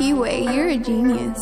Kiwi, you're a genius.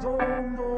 don't know.